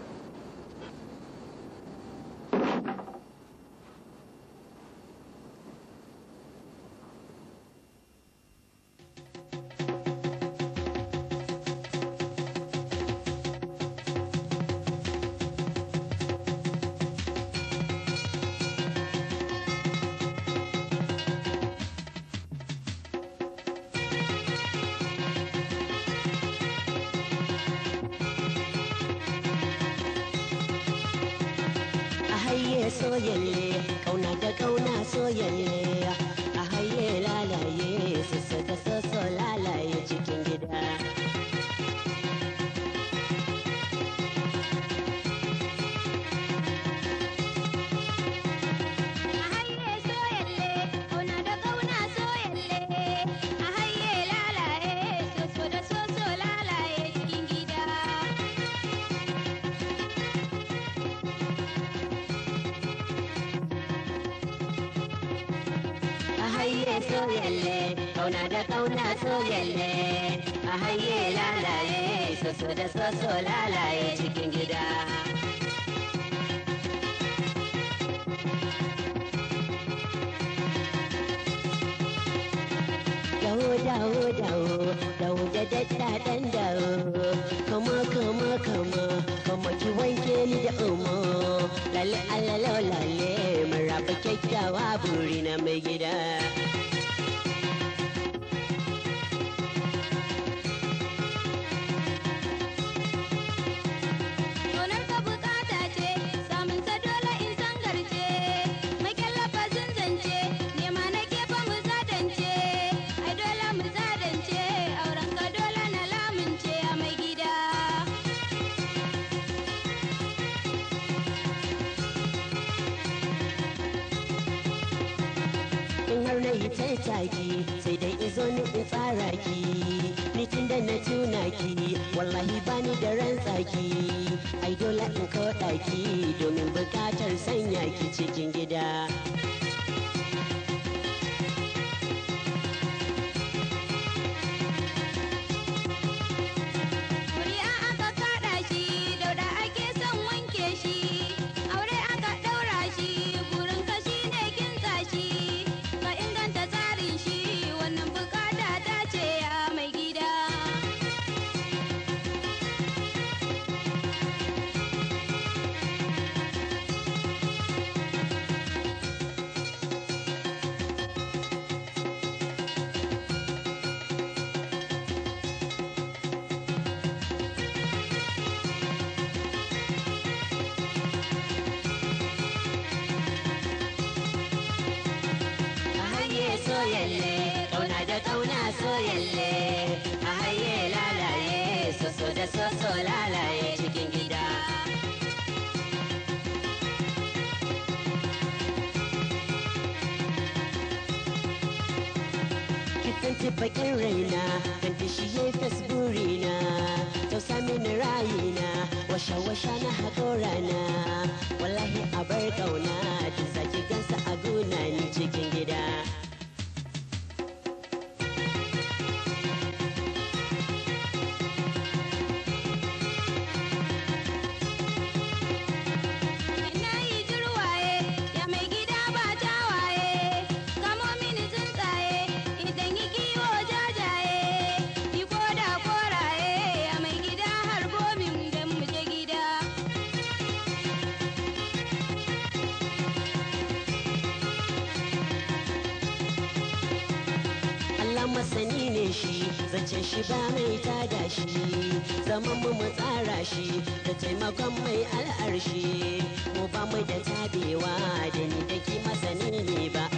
so yalle kauna da kauna so yalle a haye lalaye soso da soso lalaye cikin gida dawo dawo dawo dawo da dadda dan dawo kama kama kama kama ki wanke ni da omo lalle alalo lalle maraba kyakkyawa buri na mai gida bakin raina dan fishiye fesburina tausa mini na, washa-washa na na wallahi abar ƙauna da zaki gansa a gona ni cikin gida shi ba mai tada shi zaman mu mu tsara shi da taimakon mai al'arshi mu ba mu da tabewa da ni da ki masani ne ba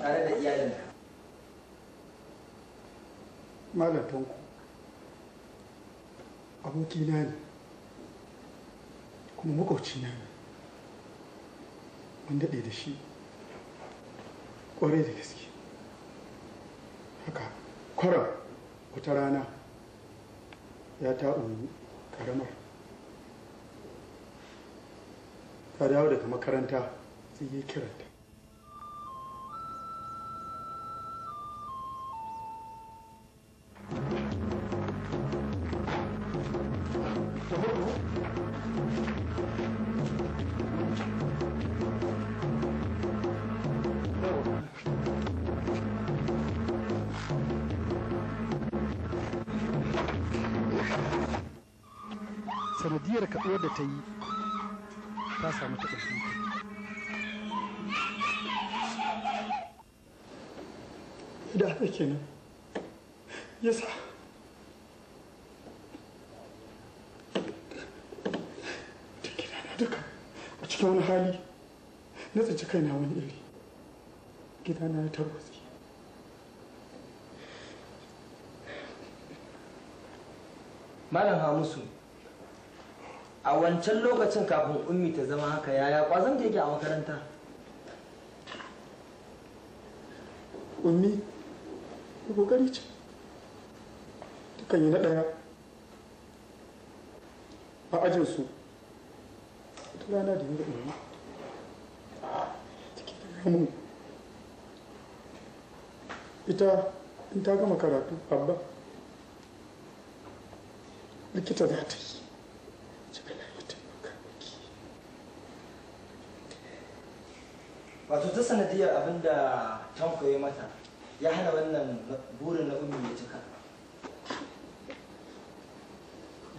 tare da iyalinka abokina ne kuma makwabcina ne wanda ɗaya da shi ƙwarai da gaske haka kwarar wata rana ya ta umu karamar ta dawo daga makaranta sai yi kiranta ta yi ta samu ta ƙarfi da haka kenan yasa da gidana duka a cikin wani hali na tsinci kaina wani iri gidana ya tarwatsi malam hamusu a wancan lokacin kafin ummi ta zama haka yaya kwazon da yake a makaranta ummi ya kokari ce takan yi na ɗaya a ajinsu ta rana da yanzu ummi take da mun ita in ta gama karatu abba likita za ta yi wato ta sanadiyar abin da tanko ya mata ya hana wannan burin na umu ya cika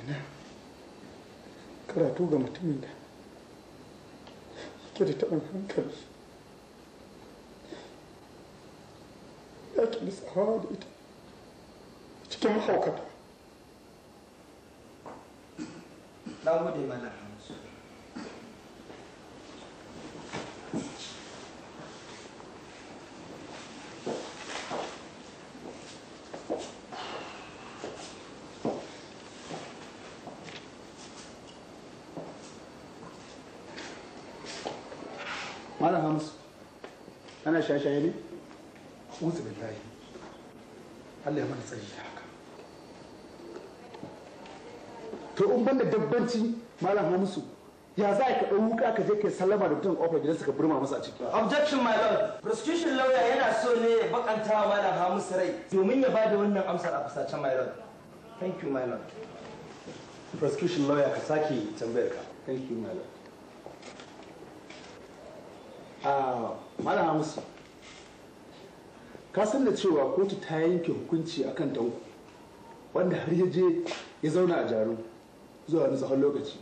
ina karatu ga mutumin da yake da taɓa hankali ya ke lissawa da ita cikin mahaukata na gode malam shaye ne uzu billahi Allah ya mana tsari da haka to in banda dabbanci malam Hamisu ya za ka ɗau wuka ka je ka sallama da mutum ƙofar gidansa ka burma masa a ciki. objection my lord prosecution lawyer yana so ne ya bakanta wa malam hamisu rai domin ya bada wannan amsar a fusace my lord thank you my lord prosecution lawyer ka sake tambayar ka thank you my lord ah malam hamisu ka san da cewa kotu ta yanke hukunci a kan tanko wanda har ya je ya zauna a jaru zuwa wani tsawon lokaci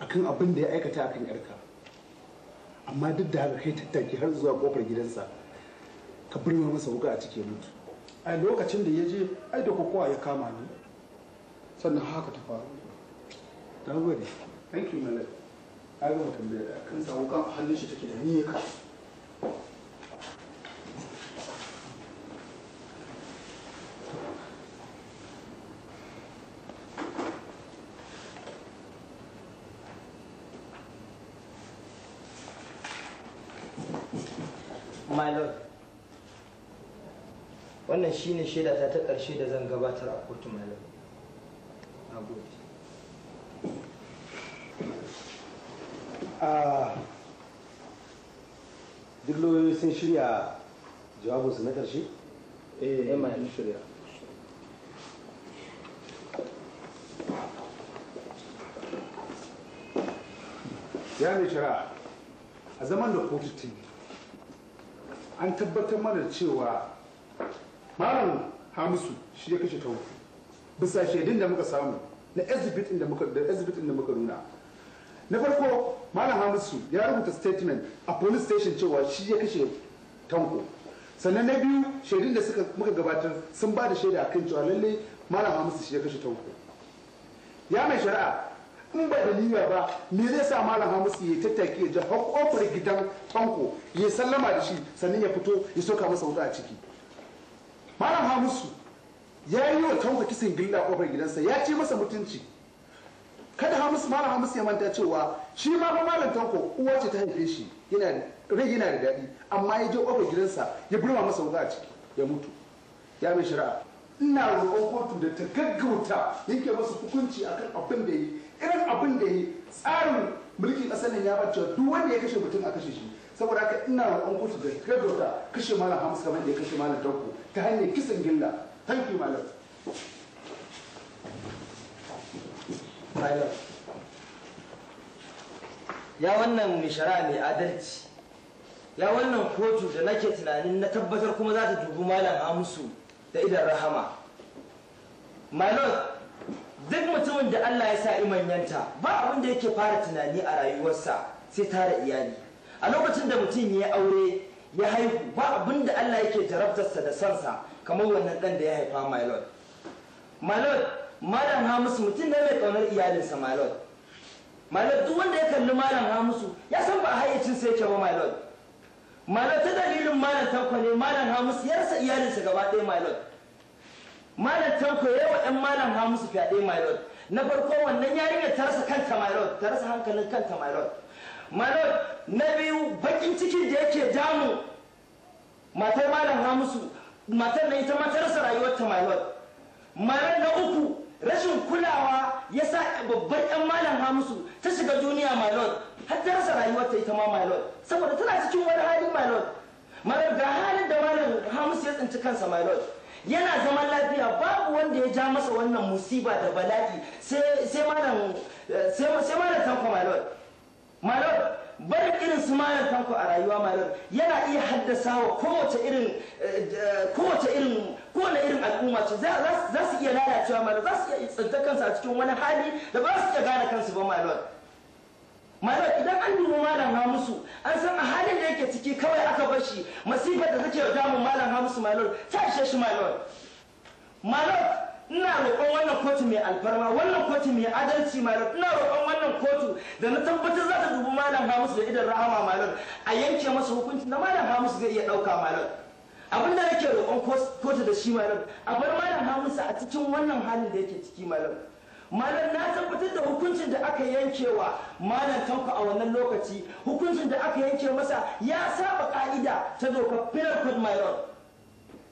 A kan abin da ya aikata a kan yarka amma duk da haka kai tattaki har zuwa kofar gidansa ka burma masa wuka a cikin mutu a lokacin da ya je ai da kokowa ya kama ni sannan haka ta faru ta gode thank you malam ai da tambayar kan sa wuka hannun shi take da ni ya kashe wannan shine shaida ta ta ƙarshe da zan gabatar a kotu malamu a ah, duk lauyoyi sun shirya jawabinsu na ƙarshe? eh, eh ma yi shirya ya mai shari'a a zaman da kotu an tabbatar mana cewa malam hamisu shi ya kashe tawo bisa shaidun da muka samu na exhibit da muka da muka nuna na farko malam hamisu ya rubuta statement a police station cewa shi ya kashe tanko sannan na biyu shaidun da suka muka gabatar sun ba da shaida kan cewa lalle malam hamisu shi ya kashe tanko ya mai shari'a in ba da niyya ba me zai sa malam hamisu ya tattaki ya ja har kofar gidan tanko ya sallama da shi sannan ya fito ya soka masa wuta a ciki malam hamisu ya yi wa tauba kisan gilla a kofar gidansa ya ce masa mutunci kada hamisu malam hamisu ya manta cewa shi ma ba malam tanko uwa ce ta haife shi yana rage yana da daɗi amma ya je kofar gidansa ya burma masa wuka a ciki ya mutu ya mai shari'a ina roƙon kotu da ta gaggauta yake masa hukunci akan abin da yi irin abin da yi tsarin mulkin ƙasar nan ya bacci duk wanda ya kashe mutum a kashe shi saboda haka ina roƙon kotu da gaggauta kashe malam hamsu kamar da ya kashe malam ta hanyar kisan gilla thank you malam ya wannan mai mai adalci ya wannan kotu da nake tunanin na tabbatar kuma za ta dubi malam hamsu da idan rahama malam duk mutumin da allah ya sa imanyanta ba abin da yake fara tunani a rayuwarsa sai tara iyali a lokacin da mutum ya aure ya haihu ba abin da Allah yake jarabtarsa da sansa kamar wannan dan da ya haifa my lord my lord malam hamisu mutum ne mai ƙaunar iyalinsa my lord duk wanda ya kalli malam hamisu ya san ba a hayyacinsa yake ba my lord ta dalilin malam tanko ne malam hamisu ya rasa iyalinsa gaba ɗaya my lord malam tanko ya wa ɗan malam hamisu fyaɗe my na farko wannan yarinyar ta rasa kanta my ta rasa hankalin kanta my manar na biyu bakin cikin da yake damu matar malam hamisu matar na ita matarsa rayuwar ta mayuwar manar na uku rashin kulawa ya sa babban yan malam hamisu ta shiga duniya my har ta rasa rayuwar ta ita ma my saboda tana cikin wani hali my manar ga halin da malam hamisu ya tsinci kansa my yana zaman lafiya babu wanda ya ja masa wannan musiba da bala'i sai eh, malam tanko my malar barin irin su malar a rayuwa malar yana iya haddasa wa eh, eh, kowace irin kowane irin al'umma ce za su iya lalacewa malar za su iya tsinta kansu a cikin wani hali da ba su iya gane kansu ba malar malar idan an dubi malam hamusu an san a halin da yake ciki kawai aka bar shi masifar da take damun malam hamusu malar ta ishe shi malar malar ina roƙon wannan kotu mai alfarma wannan kotu mai adalci malam ina roƙon wannan kotu da na tabbatar za ta dubi malam Hamisu da idan rahama malam a yanke masa hukunci na malam Hamisu zai iya ɗauka malam abin da nake roƙon kotu da shi malam a bar malam Hamisu a cikin wannan halin da yake ciki malam malam na tabbatar da hukuncin da aka yankewa malam tanko a wannan lokaci hukuncin da aka yanke masa ya saba ka'ida ta dokar penal code malam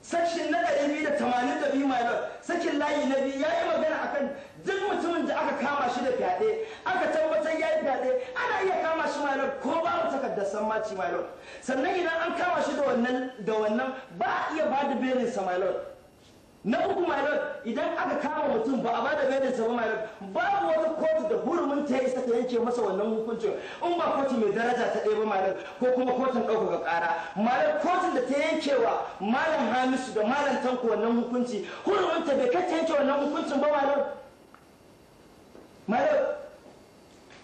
section na 282 my lord sakin layi na biyu ya yi magana akan duk mutumin da aka kama shi da fyaɗe aka tabbatar ya yi fyaɗe ana iya kama shi my lord ko ba mu takardar sammaci my lord sannan idan an kama shi da wannan ba a iya ba da berinsa my lord na uku my idan aka kama mutum ba a bada gaidin sa ba my babu wani kotu da hurumin ta isa ta yanke masa wannan hukuncin in ba kotu mai daraja ta ɗaya ba my ko kuma kotun ɗaukaka ƙara my kotun da ta yankewa malam hamisu da malam tanko wannan hukunci hurumin ta bai kacce yanke wannan hukuncin ba my lord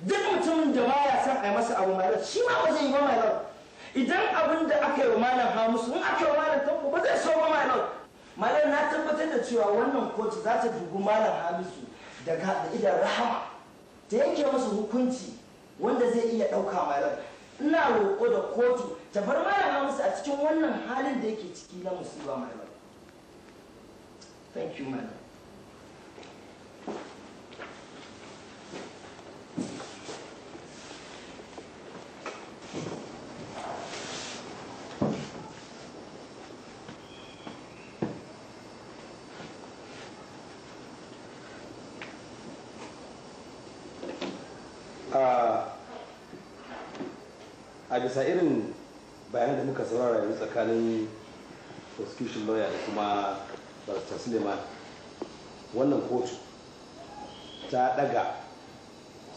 duk mutumin da baya san a yi masa abu my shi ma ba zai yi ba my idan abin da aka yi wa malam hamisu in aka yi wa malam tanko ba zai so ba my malam na tabbatar da cewa wannan kotu za ta dubi malam hamisu daga da idan rahama ta yanke masa hukunci wanda zai iya ɗauka malam ina roƙo da kotu ta bar malam hamisu a cikin wannan halin da yake ciki na musiba malam thank you malam ne tsakanin prosecution lawyer da kuma barista suleiman wannan kotu ta daga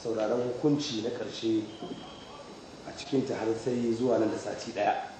sauraron hukunci na ƙarshe a cikinta har sai zuwa nan da sati ɗaya